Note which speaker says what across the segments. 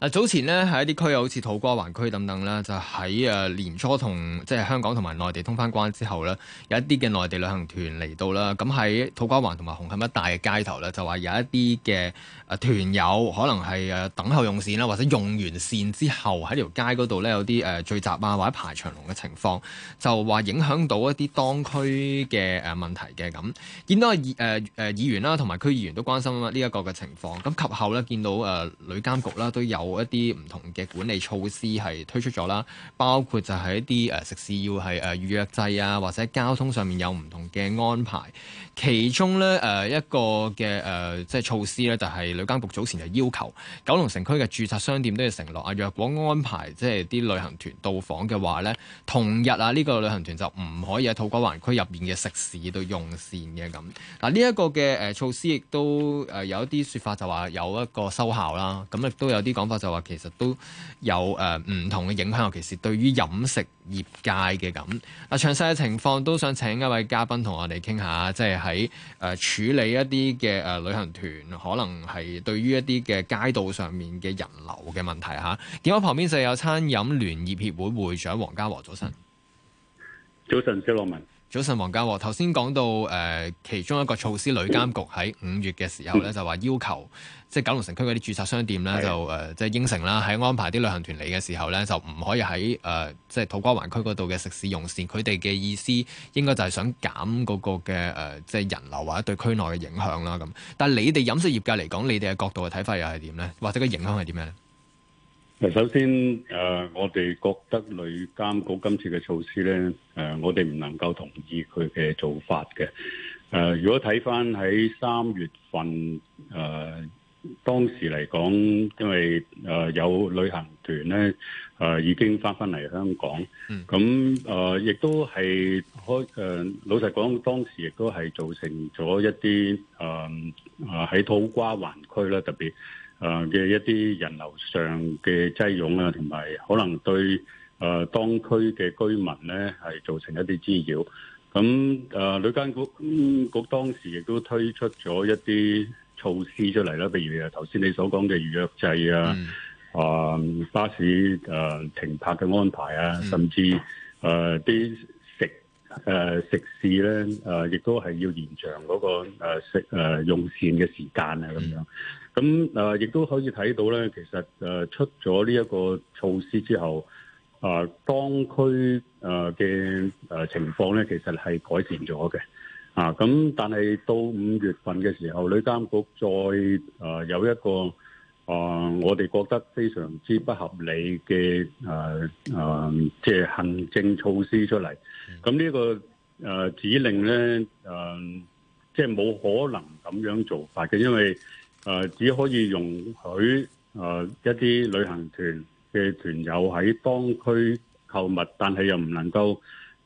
Speaker 1: 嗱，早前呢，喺一啲區啊，好似土瓜灣區等等啦，就喺誒年初同即係香港同埋內地通翻關之後呢，有一啲嘅內地旅行團嚟到啦。咁喺土瓜灣同埋紅磡一帶嘅街頭呢，就話有一啲嘅誒團友可能係誒等候用膳啦，或者用完膳之後喺條街嗰度呢，有啲誒聚集啊，或者排長龍嘅情況，就話影響到一啲當區嘅誒問題嘅咁。見到誒誒議員啦，同埋區議員都關心呢一個嘅情況。咁及後呢，見到誒、呃、旅監局啦都有。一啲唔同嘅管理措施係推出咗啦，包括就係一啲誒食肆要係誒預約制啊，或者交通上面有唔同嘅安排。其中咧誒一個嘅誒即係措施咧，就係旅監局早前就要求九龍城區嘅注冊商店都要承諾啊，若果安排即係啲旅行團到訪嘅話咧，同日啊呢個旅行團就唔可以喺土瓜灣區入面嘅食肆度用膳嘅咁。嗱呢一個嘅誒、呃、措施亦都誒、呃、有一啲說法就話有一個收效啦，咁亦都有啲講法。就話其實都有誒唔同嘅影響，尤其是對於飲食業界嘅咁。嗱，詳細嘅情況都想請一位嘉賓同我哋傾下，即係喺誒處理一啲嘅誒旅行團，可能係對於一啲嘅街道上面嘅人流嘅問題嚇。電話旁邊就有餐飲聯業協會會長黃家和，早晨。
Speaker 2: 早晨，小羅文。
Speaker 1: 早晨，黃家和。頭先講到誒，其中一個措施，旅監局喺五月嘅時候咧，就話要求即係、就是、九龍城區嗰啲註冊商店咧，呃，就誒即係應承啦。喺安排啲旅行團嚟嘅時候咧，就唔可以喺誒即係土瓜灣區嗰度嘅食肆用膳。佢哋嘅意思應該就係想減嗰個嘅誒即係人流或者對區內嘅影響啦。咁但係你哋飲食業界嚟講，你哋嘅角度嘅睇法又係點咧？或者個影響係點咧？
Speaker 2: 嗱，首先，誒、呃，我哋覺得旅監局今次嘅措施呢，誒、呃，我哋唔能夠同意佢嘅做法嘅。誒、呃，如果睇翻喺三月份，誒、呃，當時嚟講，因為誒、呃、有旅行團呢誒、呃、已經翻返嚟香港，咁誒亦都係開誒老實講，當時亦都係造成咗一啲誒誒喺土瓜灣區咧，特別。誒、呃、嘅一啲人流上嘅擠擁啊，同埋可能對誒、呃、當區嘅居民咧係造成一啲滋擾。咁、嗯、誒、呃、旅監局局當時亦都推出咗一啲措施出嚟啦，譬如頭、啊、先你所講嘅預約制啊，啊、嗯呃、巴士誒、呃、停泊嘅安排啊，甚至誒啲、呃、食誒、呃、食肆咧誒，亦、呃、都係要延長嗰、那個、呃、食誒、呃、用膳嘅時間啊咁樣。嗯咁誒，亦、呃、都可以睇到咧，其實誒、呃、出咗呢一個措施之後，啊、呃，當區誒嘅誒情況咧，其實係改善咗嘅。啊，咁但係到五月份嘅時候，旅監局再誒、呃、有一個誒、呃，我哋覺得非常之不合理嘅誒誒，即、呃、係、呃就是、行政措施出嚟。咁、嗯、呢、這個誒、呃、指令咧誒，即係冇可能咁樣做法嘅，因為誒、呃、只可以容許誒、呃、一啲旅行團嘅團友喺當區購物，但係又唔能夠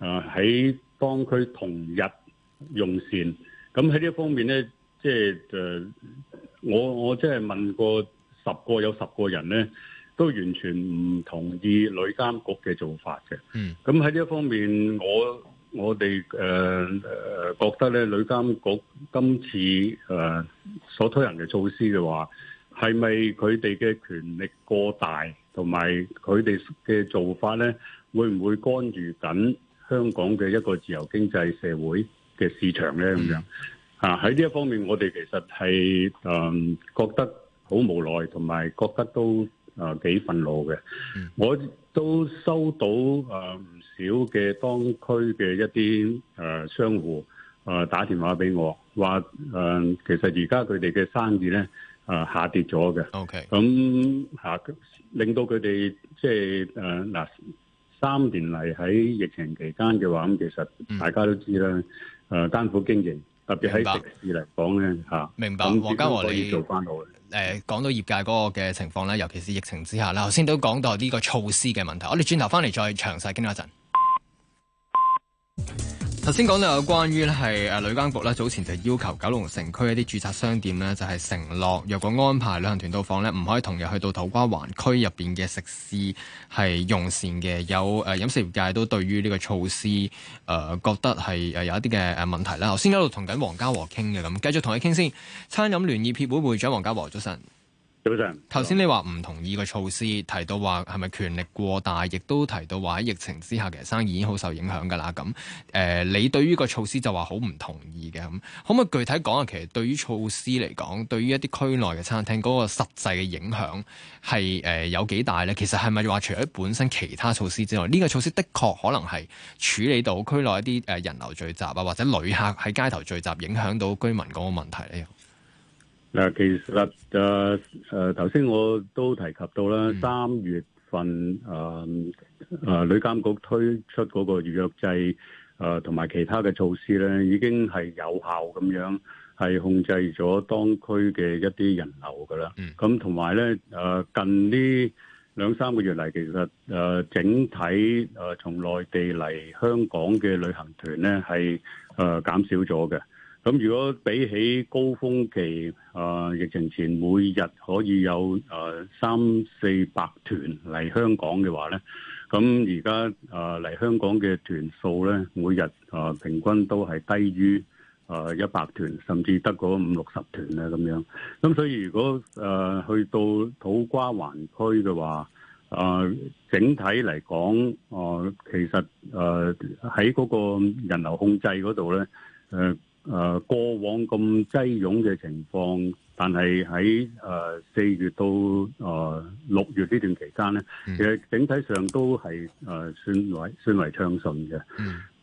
Speaker 2: 誒喺、呃、當區同日用膳。咁喺呢一方面呢，即係誒、呃、我我即係問過十個有十個人呢，都完全唔同意旅監局嘅做法嘅。嗯，咁喺呢一方面我。我哋誒誒覺得咧，旅監局今次誒、呃、所推行嘅措施嘅話，係咪佢哋嘅權力過大，同埋佢哋嘅做法咧，會唔會干預緊香港嘅一個自由經濟社會嘅市場咧？咁樣。Mm-hmm. 啊喺呢一方面，我哋其實係誒、嗯、覺得好無奈，同埋覺得都誒幾、呃、憤怒嘅。Mm-hmm. 我都收到誒。呃少嘅當區嘅一啲誒商戶誒打電話俾我話誒，其實而家佢哋嘅生意咧誒下跌咗嘅。O K，咁嚇令到佢哋即係誒嗱三年嚟喺疫情期間嘅話，咁其實大家都知啦誒艱苦經營，特別喺市嚟講咧嚇。明白。咁、嗯、黃家和做你
Speaker 1: 做誒講到業界嗰個嘅情況咧，尤其是疫情之下咧，頭先都講到呢個措施嘅問題。我哋轉頭翻嚟再詳細傾一陣。頭先講到有關於係誒旅監局咧，早前就要求九龍城區一啲註冊商店咧就係承諾，若果安排旅行團到訪咧，唔可以同日去到土瓜灣區入邊嘅食肆係用膳嘅。有誒飲食業界都對於呢個措施誒、呃，覺得係誒有一啲嘅誒問題啦。頭先一路同緊黃家和傾嘅咁，繼續同佢傾先。餐飲聯業協會會長黃家和早晨。頭先你話唔同意個措施，提到話係咪權力過大，亦都提到話喺疫情之下其實生意已經好受影響㗎啦。咁誒、呃，你對於個措施就話好唔同意嘅咁，可唔可以具體講下其實對於措施嚟講，對於一啲區內嘅餐廳嗰個實際嘅影響係誒有幾大咧？其實係咪話除咗本身其他措施之外，呢、這個措施的確可能係處理到區內一啲誒人流聚集啊，或者旅客喺街頭聚集，影響到居民嗰個問題咧？
Speaker 2: 嗱，其實誒誒，頭、呃、先、呃、我都提及到啦、嗯，三月份誒誒，旅、呃、監、呃、局推出嗰個預約制誒，同、呃、埋其他嘅措施咧，已經係有效咁樣係控制咗當區嘅一啲人流噶啦。咁同埋咧誒，近呢兩三個月嚟，其實誒、呃、整體誒，從、呃、內地嚟香港嘅旅行團咧，係誒減少咗嘅。咁如果比起高峰期啊疫情前每日可以有啊三四百團嚟香港嘅話呢，咁而家啊嚟香港嘅團數呢，每日啊平均都係低於啊一百團，甚至得個五六十團啊咁樣。咁所以如果啊去到土瓜灣區嘅話，啊整體嚟講啊，其實啊喺嗰個人流控制嗰度呢。啊誒、呃、過往咁擠擁嘅情況，但係喺誒四月到誒六、呃、月呢段期間咧，其實整體上都係誒算為算為暢順嘅。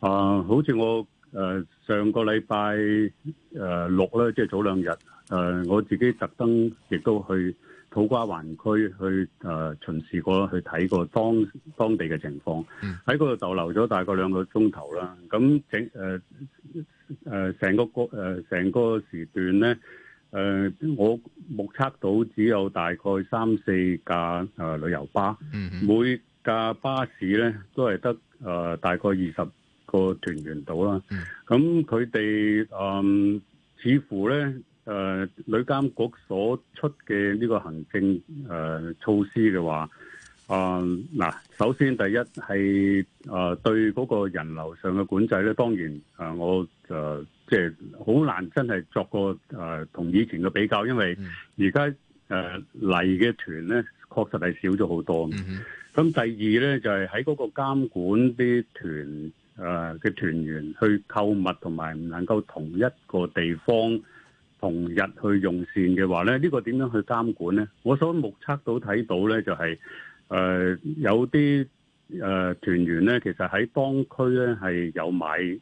Speaker 2: 啊、呃，好似我。誒、呃，上個禮拜誒六咧，即係早兩日，誒、呃，我自己特登亦都去土瓜灣區去誒、呃、巡視過，去睇過當當地嘅情況，喺嗰度逗留咗大概兩個鐘頭啦。咁整誒誒，成、呃、個個誒成個時段咧，誒、呃，我目測到只有大概三四架誒、呃、旅遊巴、嗯，每架巴士咧都係得誒大概二十。個團員到啦，咁佢哋誒，似乎呢，誒、呃，旅監局所出嘅呢個行政誒、呃、措施嘅話，誒、呃、嗱，首先第一係誒、呃、對嗰個人流上嘅管制呢，當然誒、呃、我誒即係好難真係作個誒同以前嘅比較，因為而家誒嚟嘅團呢確實係少咗好多。咁第二呢，就係喺嗰個監管啲團。誒、呃、嘅團員去購物同埋唔能夠同一個地方同日去用膳嘅話呢，呢、呢個點樣去監管呢？我所目測到睇到呢、就係，就係誒有啲誒、呃、團員呢，其實喺當區呢，係有買誒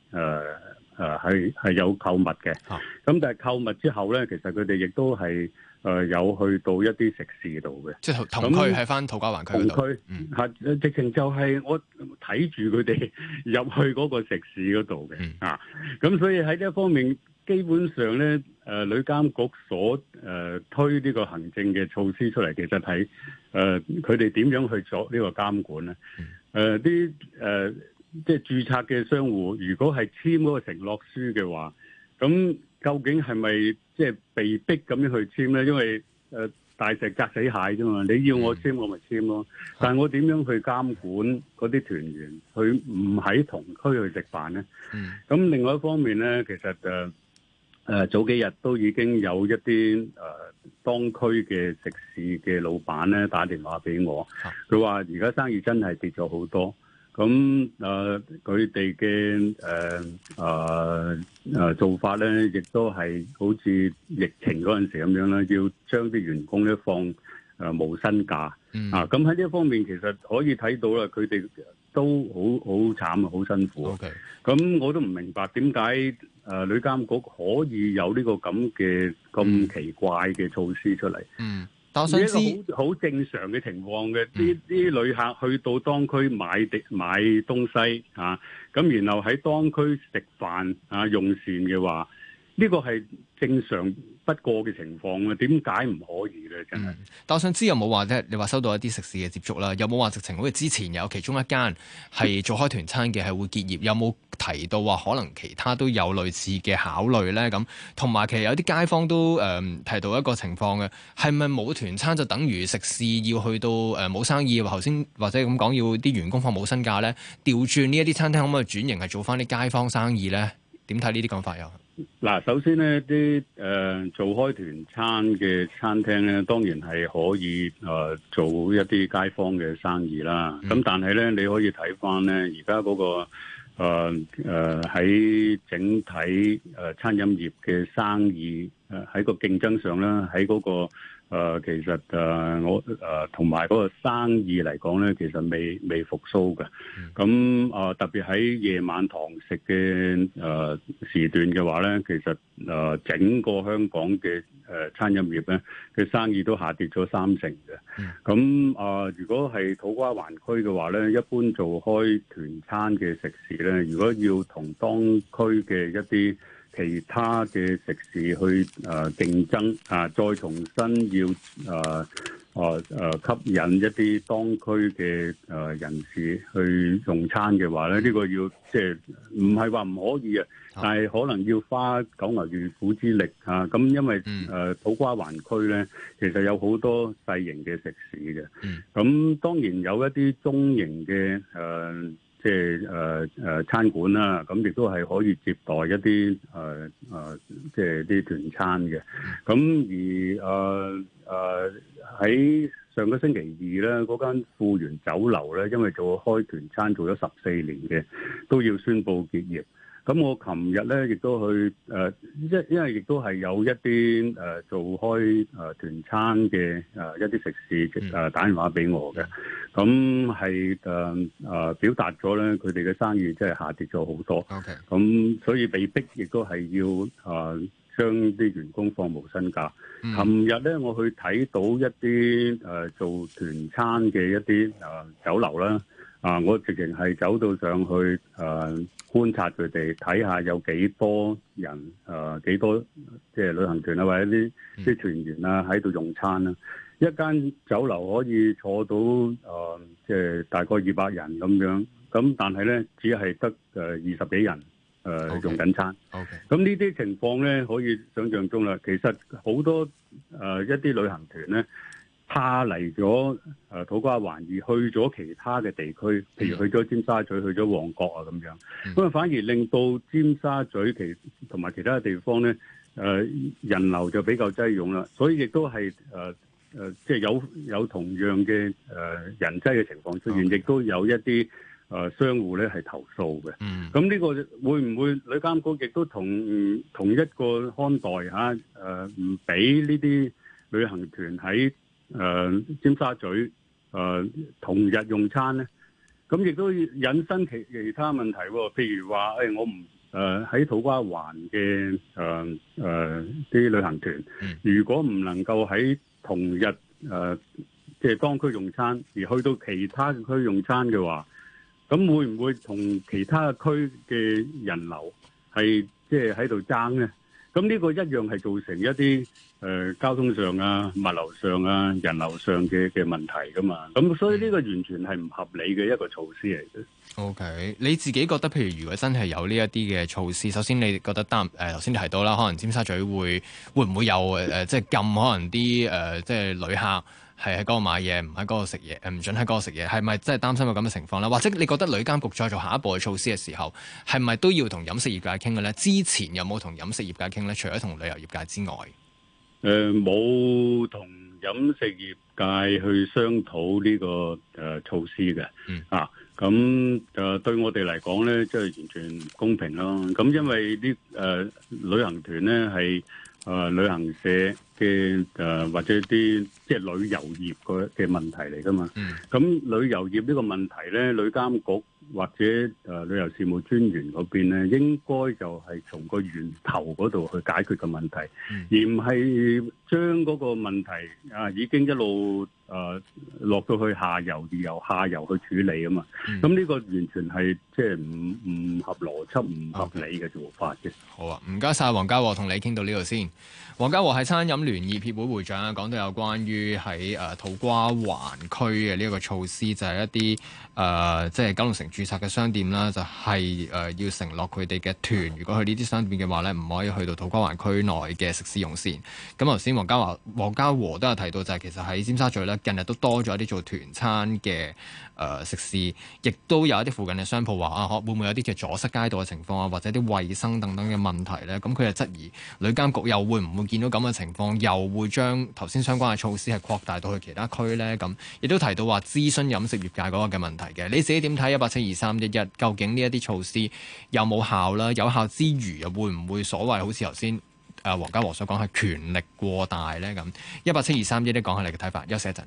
Speaker 2: 誒係有購物嘅，咁、啊、但係購物之後呢，其實佢哋亦都係。誒、呃、有去到一啲食肆度嘅，即係同區喺翻土瓜灣區度。同區，嗯，係直情就係我睇住佢哋入去嗰個食肆嗰度嘅，啊，咁所以喺呢一方面，基本上咧，誒、呃、旅監局所誒、呃、推呢個行政嘅措施出嚟，其實睇誒佢哋點樣去做呢個監管咧。誒啲誒即係註冊嘅商戶，如果係簽嗰個承諾書嘅話，咁。究竟係咪即係被逼咁樣去簽呢？因為呃、大石砸死蟹啫嘛，你要我簽我咪簽咯、嗯。但係我點樣去監管嗰啲團員，佢唔喺同區去食飯呢？咁、嗯、另外一方面呢，其實就、呃、早幾日都已經有一啲、呃、當區嘅食肆嘅老闆咧打電話俾我，佢話而家生意真係跌咗好多。咁誒佢哋嘅誒啊誒做法咧，亦都係好似疫情嗰陣時咁樣啦，要將啲員工咧放、呃、無薪假。嗯、啊，咁喺呢一方面其實可以睇到啦，佢哋都好好慘啊，好辛苦。OK。咁我都唔明白點解誒旅監局可以有呢個咁嘅咁奇怪嘅措施出嚟。嗯。
Speaker 1: 嗯。一個好
Speaker 2: 好正常嘅情況嘅，啲啲旅客去到當區買啲買東西啊，咁然後喺當區食飯啊，用膳嘅話。呢個係正常不過嘅情況啊，點解唔可以咧？
Speaker 1: 真、嗯、係。但我想知道有冇話咧，你話收到一啲食肆嘅接觸啦，有冇話直情好似之前有其中一間係做開團餐嘅，係會結業，有冇提到話可能其他都有類似嘅考慮咧？咁同埋其實有啲街坊都誒、呃、提到一個情況嘅，係咪冇團餐就等於食肆要去到誒冇、呃、生意，或頭先或者咁講要啲員工放冇薪假咧？調轉呢一啲餐廳可唔可以轉型係做翻啲街坊生意咧？點睇呢啲講法又？
Speaker 2: 嗱，首先呢啲誒做開團餐嘅餐廳呢，當然係可以誒、呃、做一啲街坊嘅生意啦。咁但係呢，你可以睇翻呢而家嗰個誒喺、呃呃、整體誒、呃、餐飲業嘅生意誒喺、呃、個競爭上啦，喺嗰、嗰個。誒、呃、其實誒、呃、我誒同埋嗰個生意嚟講咧，其實未未復甦嘅。咁、嗯、誒、呃、特別喺夜晚堂食嘅誒、呃、時段嘅話咧，其實誒、呃、整個香港嘅誒、呃、餐飲業咧嘅生意都下跌咗三成嘅。咁、嗯、誒、呃、如果係土瓜灣區嘅話咧，一般做開團餐嘅食肆咧，如果要同當區嘅一啲其他嘅食肆去誒、呃、競爭啊，再重新要誒誒、呃呃呃、吸引一啲當區嘅誒人士去用餐嘅話咧，呢、這個要即係唔係話唔可以，但係可能要花九牛二虎之力啊！咁因為誒、嗯啊、土瓜灣區咧，其實有好多細型嘅食肆嘅，咁、嗯、當然有一啲中型嘅誒。呃即係誒誒餐館啦、啊，咁亦都係可以接待一啲誒誒，即係啲團餐嘅。咁而誒誒喺上個星期二咧，嗰間富源酒樓咧，因為做開團餐做咗十四年嘅，都要宣布結業。咁我琴日咧亦都去誒、呃，因因為亦都係有一啲誒、呃、做開誒、呃、團餐嘅誒、呃、一啲食肆嘅、呃、打電話俾我嘅，咁係誒誒表達咗咧佢哋嘅生意即係下跌咗好多。咁、okay. 所以被逼亦都係要誒、呃、將啲員工放無薪假。琴日咧我去睇到一啲誒、呃、做團餐嘅一啲誒、呃、酒樓啦。啊！我直情係走到上去，誒、呃、觀察佢哋睇下有幾多人，誒、呃、幾多即係旅行團啊，或者啲啲團員啊喺度用餐啦。一間酒樓可以坐到誒、呃，即係大概二百人咁樣，咁但係咧只係得誒二十幾人誒、呃 okay. 用緊餐。O K。咁呢啲情況咧可以想象中啦。其實好多誒、呃、一啲旅行團咧。怕嚟咗誒土瓜灣，而去咗其他嘅地區，譬如去咗尖沙咀、去咗旺角啊咁樣，咁、嗯、啊反而令到尖沙咀其同埋其他地方咧誒、呃、人流就比較擠擁啦，所以亦都係誒即係有有同樣嘅誒人擠嘅情況出現，亦、okay. 都有一啲誒商戶咧係投訴嘅。咁、嗯、呢個會唔會旅監局亦都同同一個看待吓誒唔俾呢啲旅行團喺？誒、呃、尖沙咀誒、呃、同日用餐咧，咁亦都引申其其他問題喎、哦。譬如話、哎、我唔誒喺土瓜灣嘅誒誒啲旅行團，如果唔能夠喺同日誒即係當區用餐，而去到其他嘅區用餐嘅話，咁會唔會同其他嘅區嘅人流係即係喺度爭咧？咁呢個一樣係造成一啲誒、呃、交通上啊、物流上啊、人流上嘅嘅問題噶嘛，咁所以呢個完全係唔合理嘅一個措施嚟
Speaker 1: 嘅。OK，你自己覺得，譬如如果真係有呢一啲嘅措施，首先你覺得得誒頭先提到啦，可能尖沙咀會會唔會有、呃、即係禁可能啲誒、呃、即係旅客？係喺嗰度買嘢，唔喺嗰度食嘢，唔准喺嗰度食嘢，係咪真係擔心過咁嘅情況咧？或者你覺得旅監局再做下一步嘅措施嘅時候，係咪都要同飲食業界傾嘅咧？之前有冇同飲食業界傾咧？除咗同旅遊業界之外，
Speaker 2: 誒冇同飲食業界去商討呢、這個誒、呃、措施嘅、嗯。啊，咁誒、呃、對我哋嚟講咧，即、就、係、是、完全唔公平咯。咁因為啲誒、呃、旅行團咧係誒旅行社。嘅誒、呃、或者啲即係旅遊業個嘅問題嚟噶嘛？嗯，咁旅遊業呢個問題咧，旅監局或者誒、呃、旅遊事務專員嗰邊咧，應該就係從個源頭嗰度去解決嘅問題，嗯、而唔係將嗰個問題啊已經一路誒、呃、落到去下游而由下游去處理啊嘛。咁、嗯、呢個完全係即係唔唔
Speaker 1: 合邏輯唔合理嘅做法嘅。Okay. 好啊，唔該晒，黃家和，同你傾到呢度先。黃家和係餐飲，聯業協會會長啊，講到有關於喺誒、啊、土瓜環區嘅呢一個措施，就係、是、一啲誒、呃、即係九龍城註冊嘅商店啦，就係、是、誒、呃、要承諾佢哋嘅團，如果去呢啲商店嘅話呢，唔可以去到土瓜灣區內嘅食肆用膳。咁頭先黃家華黃家和都有提到、就是，就係其實喺尖沙咀呢，近日都多咗一啲做團餐嘅誒、呃、食肆，亦都有一啲附近嘅商鋪話啊，可會唔會有啲嘅阻塞街道嘅情況啊，或者啲衞生等等嘅問題呢？」咁佢就質疑旅監局又會唔會見到咁嘅情況？又會將頭先相關嘅措施係擴大到去其他區呢？咁亦都提到話諮詢飲食業界嗰個嘅問題嘅。你自己點睇一八七二三一一？究竟呢一啲措施有冇效啦？有效之餘又會唔會所謂好似頭先誒黃家和所講係權力過大呢？咁一八七二三一一講下你嘅睇法。休息一陣。